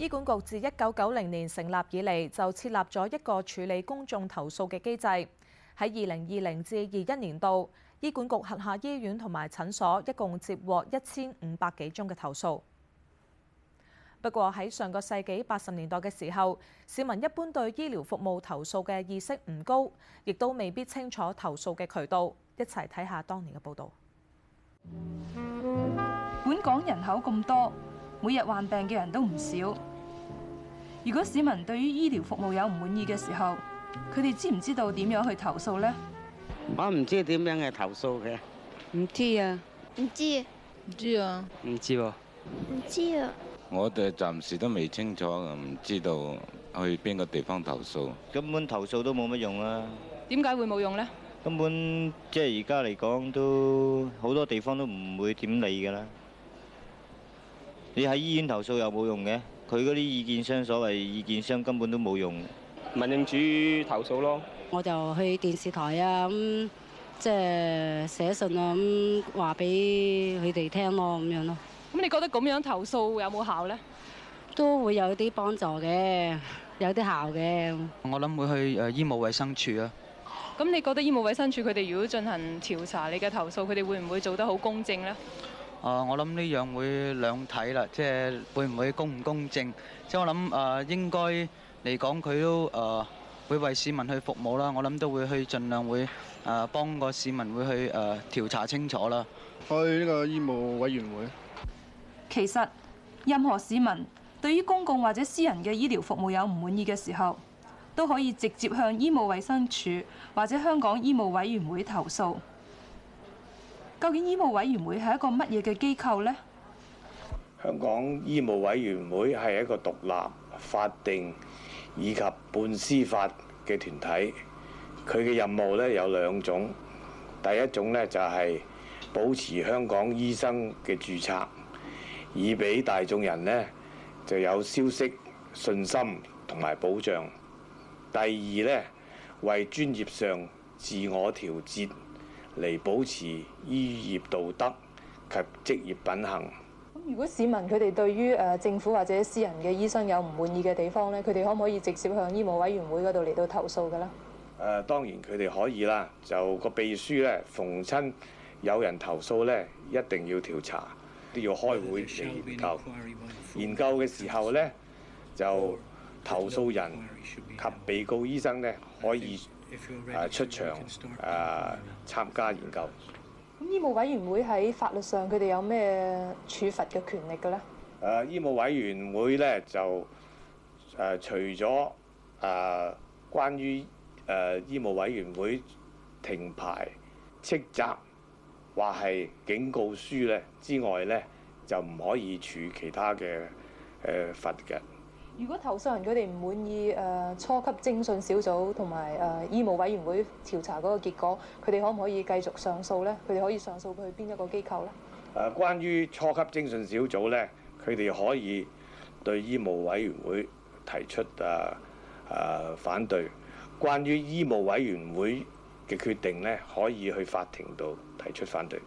醫管局自一九九零年成立以嚟，就設立咗一個處理公眾投訴嘅機制。喺二零二零至二一年度，醫管局轄下醫院同埋診所一共接獲一千五百幾宗嘅投訴。不過喺上個世紀八十年代嘅時候，市民一般對醫療服務投訴嘅意識唔高，亦都未必清楚投訴嘅渠道。一齊睇下當年嘅報道。本港人口咁多，每日患病嘅人都唔少。如果市民對於醫療服務有唔滿意嘅時候，佢哋知唔知道點樣去投訴呢？我唔知點樣去投訴嘅，唔知啊，唔知，唔知啊，唔知喎，唔知啊，啊啊啊啊、我哋暫時都未清楚，唔知道去邊個地方投訴。根本投訴都冇乜用啊，點解會冇用呢？根本即係而家嚟講都好多地方都唔會點理㗎啦。你喺醫院投訴有冇用嘅？佢嗰啲意見箱，所謂意見箱根本都冇用。民政處投訴咯。我就去電視台啊，咁即係寫信啊，咁話俾佢哋聽咯，咁樣咯。咁你覺得咁樣投訴有冇效咧？都會有啲幫助嘅，有啲效嘅。我諗會去誒醫務衛生處啊。咁你覺得醫務衛生處佢哋如果進行調查你嘅投訴，佢哋會唔會做得好公正咧？啊，我諗呢樣會兩睇啦，即係會唔會公唔公正？即係我諗啊，應該嚟講佢都啊會為市民去服務啦。我諗都會去盡量會啊幫個市民會去啊調查清楚啦。去呢個醫務委員會。其實任何市民對於公共或者私人嘅醫療服務有唔滿意嘅時候，都可以直接向醫務衛生署或者香港醫務委員會投訴。究竟醫務委員會係一個乜嘢嘅機構呢？香港醫務委員會係一個獨立、法定以及半司法嘅團體。佢嘅任務咧有兩種，第一種咧就係保持香港醫生嘅註冊，以俾大眾人呢就有消息、信心同埋保障。第二咧為專業上自我調節，嚟保持醫業道德及職業品行。如果市民佢哋對於誒政府或者私人嘅醫生有唔滿意嘅地方咧，佢哋可唔可以直接向醫務委員會嗰度嚟到投訴嘅咧？誒當然佢哋可以啦。就個秘書咧，逢親有人投訴咧，一定要調查，都要開會嚟研究。研究嘅時候咧，就投訴人及被告醫生咧可以。誒出場誒、呃、參加研究。咁醫務委員會喺法律上佢哋有咩處罰嘅權力嘅咧？誒、呃、醫務委員會咧就誒、呃、除咗誒、呃、關於誒、呃、醫務委員會停牌、斥責或係警告書咧之外咧，就唔可以處其他嘅誒罰嘅。呃如果投訴人佢哋唔滿意誒初級徵訊小組同埋誒醫務委員會調查嗰個結果，佢哋可唔可以繼續上訴呢？佢哋可以上訴去邊一個機構呢？誒，關於初級徵訊小組呢，佢哋可以對醫務委員會提出誒誒反對。關於醫務委員會嘅決定呢，可以去法庭度提出反對。